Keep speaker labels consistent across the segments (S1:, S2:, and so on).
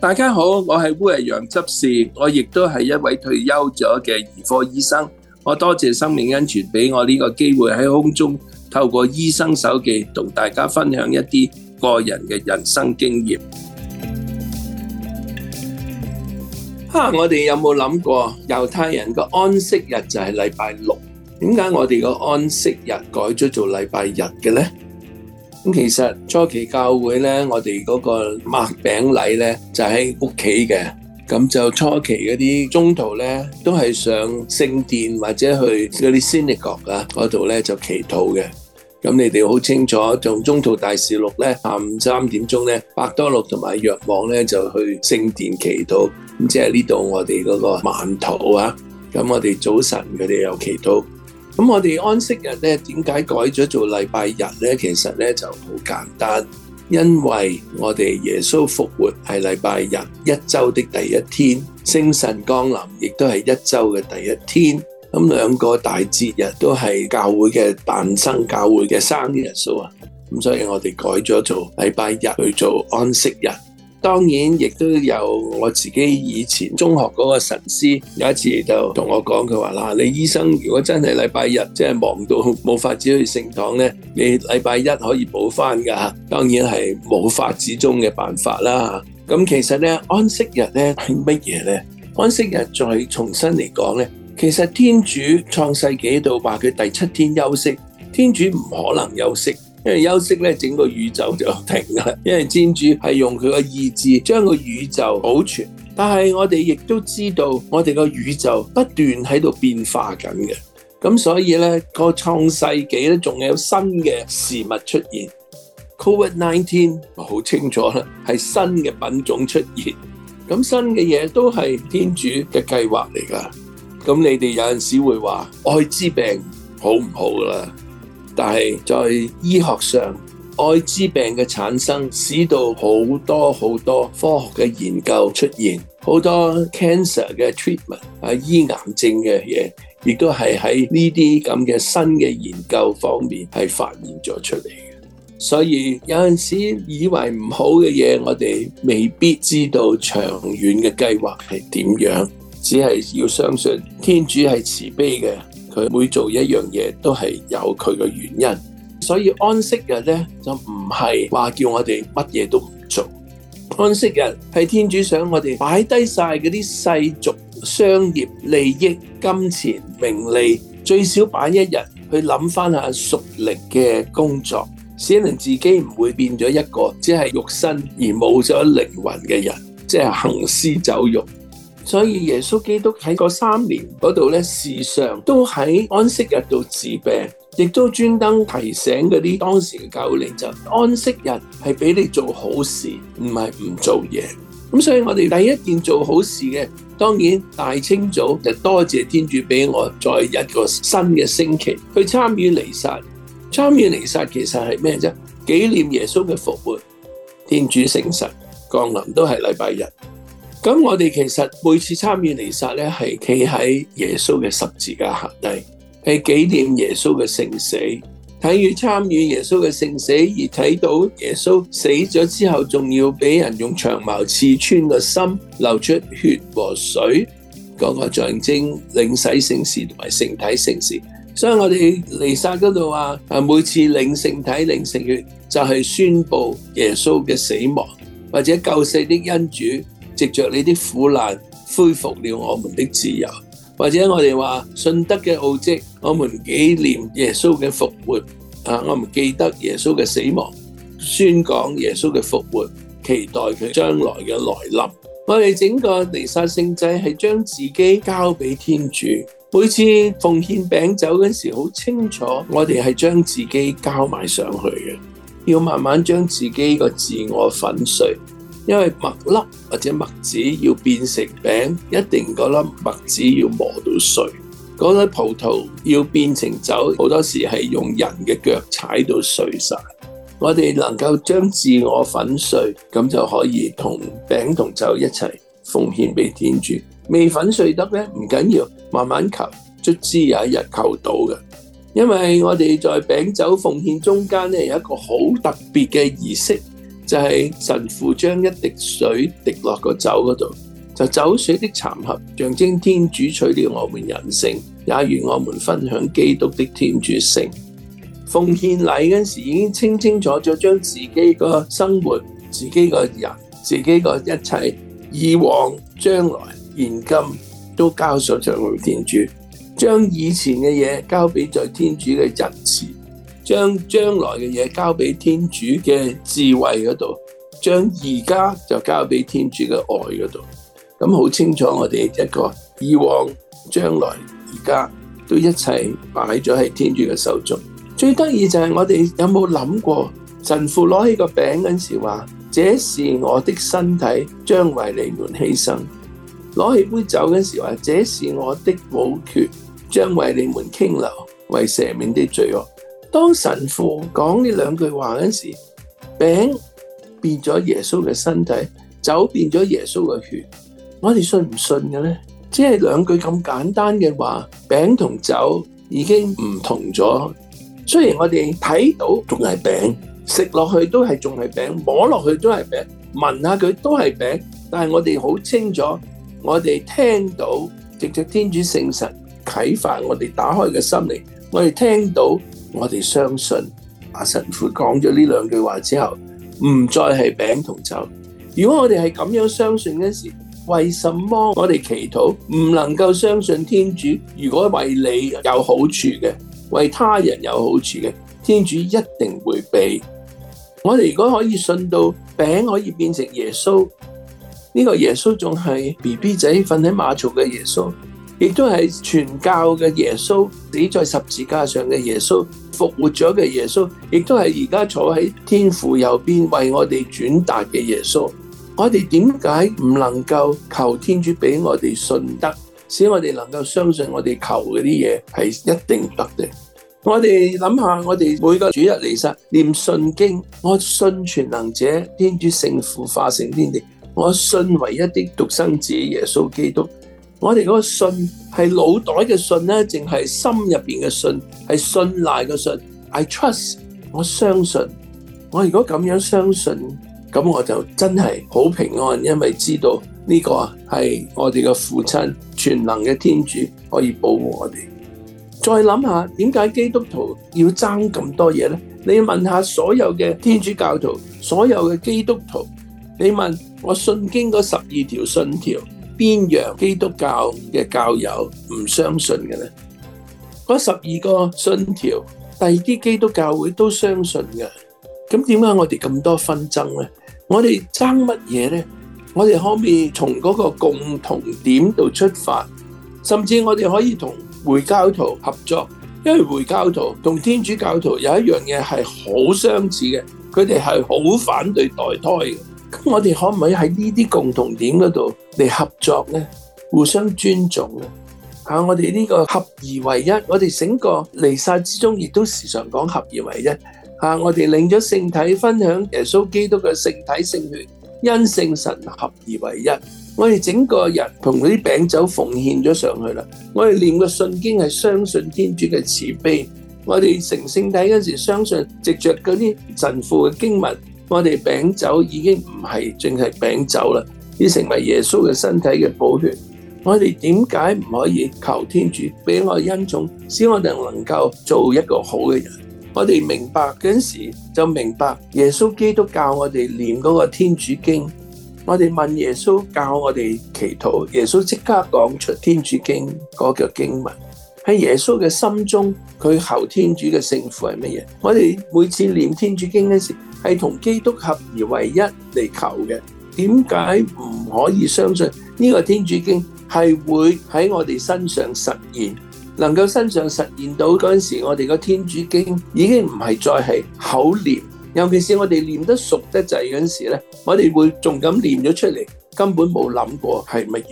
S1: 大家好，我係烏日陽執事，我亦都係一位退休咗嘅兒科醫生。我多謝生命恩泉俾我呢個機會喺空中透過醫生手記同大家分享一啲個人嘅人生經驗。哈！我哋有冇諗過猶太人嘅安息日就係禮拜六？點解我哋個安息日改咗做禮拜日嘅呢？咁其實初期教會咧，我哋嗰個擘餅禮咧就喺屋企嘅，咁就初期嗰啲宗徒咧都係上聖殿或者去嗰啲先力角啊嗰度咧就祈禱嘅。咁你哋好清楚，仲宗徒大事錄咧下午三點鐘咧，伯多祿同埋若望咧就去聖殿祈禱。咁即係呢度我哋嗰個晚禱啊。咁我哋早晨佢哋又祈禱。咁我哋安息日咧，點解改咗做禮拜日呢？其實呢就好簡單，因為我哋耶穌復活係禮拜日，一周的第一天，聖神降臨亦都係一周嘅第一天，咁兩個大節日都係教會嘅誕生，教會嘅生日數啊，咁所以我哋改咗做禮拜日去做安息日。當然，亦都有我自己以前中學嗰個神師有一次就同我講，佢話：嗱，你醫生如果真係禮拜日即係忙到冇法子去聖堂呢，你禮拜一可以補翻㗎。當然係冇法子中嘅辦法啦。咁其實呢，安息日呢係乜嘢呢？安息日再重新嚟講呢，其實天主創世紀度話佢第七天休息，天主唔可能休息。因為休息咧，整個宇宙就停啦。因為天主係用佢個意志將個宇宙保存，但係我哋亦都知道，我哋個宇宙不斷喺度變化緊嘅。咁所以咧，個創世紀咧仲有新嘅事物出現。COVID-19 好清楚啦，係新嘅品種出現。咁新嘅嘢都係天主嘅計劃嚟噶。咁你哋有陣時會話，愛滋病好唔好噶啦？但係在醫學上，愛滋病嘅產生使到好多好多科學嘅研究出現，好多 cancer 嘅 treatment 啊，醫癌症嘅嘢，亦都係喺呢啲咁嘅新嘅研究方面係發現咗出嚟嘅。所以有陣時以為唔好嘅嘢，我哋未必知道長遠嘅計劃係點樣，只係要相信天主係慈悲嘅。佢每做一樣嘢都係有佢嘅原因，所以安息日呢就唔係話叫我哋乜嘢都唔做，安息日係天主想我哋擺低晒嗰啲世俗商業利益、金錢名利，最少擺一日去諗翻下屬靈嘅工作，先能自己唔會變咗一個只係肉身而冇咗靈魂嘅人，即係行屍走肉。所以耶穌基督喺嗰三年嗰度咧，時常都喺安息日度治病，亦都專登提醒嗰啲當時嘅教會領袖就安息日係俾你做好事，唔係唔做嘢。咁所以我哋第一件做好事嘅，當然大清早就多謝天主俾我再一個新嘅星期去參與彌撒。參與彌撒其實係咩啫？紀念耶穌嘅復活，天主聖神降臨都係禮拜日。咁我哋其實每次參與彌撒咧，係企喺耶穌嘅十字架下低，係紀念耶穌嘅聖死。睇住參與耶穌嘅聖死，而睇到耶穌死咗之後，仲要俾人用長矛刺穿個心，流出血和水，嗰、那個象徵領洗聖事同埋聖體聖事。所以我哋彌撒嗰度話啊，每次領聖體、領聖血，就係、是、宣佈耶穌嘅死亡或者救世的恩主。藉着你的苦難，恢復了我們的自由。或者我哋話信德嘅奧蹟，我們紀念耶穌嘅復活。啊，我們記得耶穌嘅死亡，宣講耶穌嘅復活，期待佢將來嘅來臨。我哋整個彌撒聖祭係將自己交俾天主。每次奉獻餅酒嘅時候，好清楚我哋係將自己交埋上去嘅，要慢慢將自己個自我粉碎。因為麥粒或者麥子要變成餅，一定嗰粒麥子要磨到碎，嗰粒葡萄要變成酒，好多時係用人嘅腳踩到碎晒。我哋能夠將自我粉碎，咁就可以同餅同酒一齊奉獻俾天主。未粉碎得呢，唔緊要，慢慢求，卒之有一日求到嘅。因為我哋在餅酒奉獻中間呢，有一個好特別嘅儀式。就係神父將一滴水滴落個酒嗰度，就酒水的摻合，象徵天主取了我們人性，也與我們分享基督的天主性。奉獻禮嗰時，已經清清楚楚將自己個生活、自己個人、自己個一切以往、將來、現今都交上咗俾天主，將以前嘅嘢交俾在天主嘅仁慈。將將來嘅嘢交俾天主嘅智慧嗰度，將而家就交俾天主嘅愛嗰度。咁好清楚，我哋一個以往、將來、而家都一齊擺咗喺天主嘅手中。最得意就係我哋有冇諗過？神父攞起個餅嗰陣時話：「這是我的身體，將為你們犧牲；攞起杯酒嗰陣時話：「這是我的寶血，將為你們傾流，為赦免的罪惡。當神父講呢兩句話嗰時，餅變咗耶穌嘅身體，酒變咗耶穌嘅血。我哋信唔信嘅咧？只係兩句咁簡單嘅話，餅同酒已經唔同咗。雖然我哋睇到仲係餅，食落去都係仲係餅，摸落去都係餅，聞下佢都係餅、餅，但係我哋好清楚，我哋聽到藉着天主聖神啟發我哋打開嘅心靈，我哋聽到。我哋相信阿神父講咗呢兩句話之後，唔再係餅同酒。如果我哋係咁樣相信嗰時，為什麼我哋祈禱唔能夠相信天主？如果為你有好處嘅，為他人有好處嘅，天主一定會畀。我哋如果可以信到餅可以變成耶穌，呢個耶穌仲係 B B 仔瞓喺馬槽嘅耶穌。亦都係全教嘅耶穌、死在十字架上嘅耶穌、復活咗嘅耶穌，亦都係而家坐喺天父右邊為我哋轉達嘅耶穌。我哋點解唔能夠求天主俾我哋信德，使我哋能夠相信我哋求嗰啲嘢係一定得嘅？我哋諗下，我哋每個主日彌撒念信經，我信全能者天主聖父化成天地，我信唯一啲獨生子耶穌基督。我哋嗰個信係腦袋嘅信呢，淨係心入邊嘅信，係信賴嘅信，信。I trust，我相信。我如果咁樣相信，咁我就真係好平安，因為知道呢個係我哋嘅父親全能嘅天主可以保護我哋。再諗下，點解基督徒要爭咁多嘢呢？你問下所有嘅天主教徒，所有嘅基督徒，你問我信經嗰十二條信條。邊樣基督教嘅教友唔相信嘅呢？嗰十二個信條，第二啲基督教會都相信嘅。咁點解我哋咁多紛爭呢？我哋爭乜嘢呢？我哋可唔可以從嗰個共同點度出發，甚至我哋可以同回教徒合作，因為回教徒同天主教徒有一樣嘢係好相似嘅，佢哋係好反對墮胎嘅。咁我哋可唔可以喺呢啲共同點嗰度嚟合作咧？互相尊重啊！啊，我哋呢個合而為一，我哋整個彌撒之中亦都時常講合而為一。啊，我哋領咗聖體，分享耶穌基督嘅聖體聖血，因聖神合而為一。我哋整個人同嗰啲餅酒奉獻咗上去啦。我哋念個信經係相信天主嘅慈悲。我哋成聖體嗰時相信藉著嗰啲神父嘅經文。我哋餅酒已經唔係淨係餅酒啦，已成為耶穌嘅身體嘅寶血。我哋點解唔可以求天主俾我恩寵，使我哋能夠做一個好嘅人？我哋明白嗰陣時就明白耶穌基督教我哋念嗰個天主經。我哋問耶穌教我哋祈禱，耶穌即刻講出天主經嗰個經文。喺耶穌嘅心中，佢求天主嘅勝負係乜嘢？我哋每次念天主經嗰時候，係同基督合而為一嚟求嘅，點解唔可以相信呢個天主經係會喺我哋身上實現？能夠身上實現到嗰陣時，我哋個天主經已經唔係再係口念，尤其是我哋念得熟得滯嗰陣時咧，我哋會仲噉念咗出嚟，根本冇諗過係乜嘢。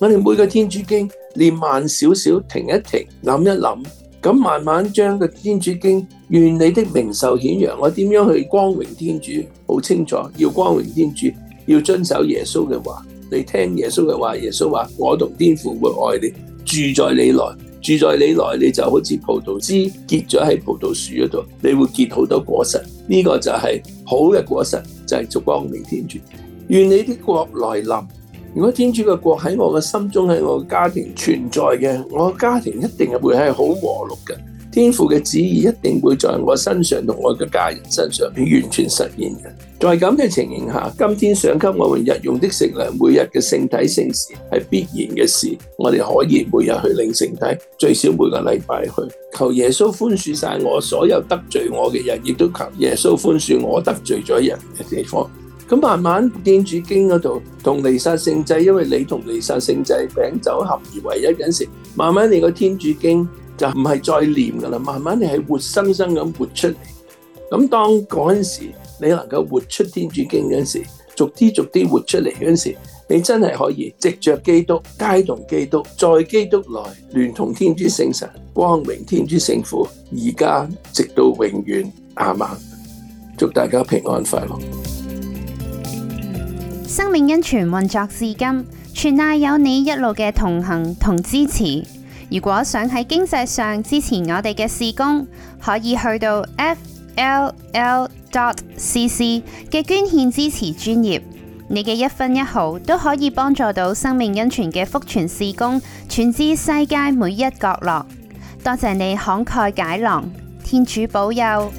S1: 我哋每個天主經念慢少少，停一停，諗一諗，咁慢慢將個天主經。願你的名受顯揚，我點樣去光榮天主？好清楚，要光榮天主，要遵守耶穌嘅話，你聽耶穌嘅話。耶穌話：我同天父會愛你，住在你內，住在你內，你就好似葡萄枝結咗喺葡萄樹嗰度，你會結好多果實。呢個就係好嘅果實，就係做光榮天主。願你的國來臨。如果天主嘅國喺我嘅心中，喺我嘅家庭存在嘅，我嘅家庭一定係會係好和睦嘅。天父嘅旨意一定會在我身上同我嘅家人身上完全實現嘅。在咁嘅情形下，今天賞給我們日用的食糧，每日嘅聖體聖事係必然嘅事。我哋可以每日去領聖體，最少每個禮拜去。求耶穌寬恕晒我所有得罪我嘅人，亦都求耶穌寬恕我得罪咗人嘅地方。咁慢慢天主經嗰度同彌撒聖祭，因為你同彌撒聖祭餅酒合而為一嗰陣時，慢慢你個天主經就唔係再念噶啦，慢慢你係活生生咁活出嚟。咁當嗰陣時，你能夠活出天主經嗰陣時，逐啲逐啲活出嚟嗰陣時，你真係可以藉着基督、偕同基督、在基督內聯同天主聖神、光榮天主聖父，而家直到永遠阿們。祝大家平安快樂。生命恩泉運作至今，全賴有你一路嘅同行同支持。如果想喺經濟上支持我哋嘅事工，可以去到 fll.cc 嘅捐獻支持專業，你嘅一分一毫都可以幫助到生命恩泉嘅福傳事工，傳至世界每一角落。多謝你慷慨解囊，天主保佑。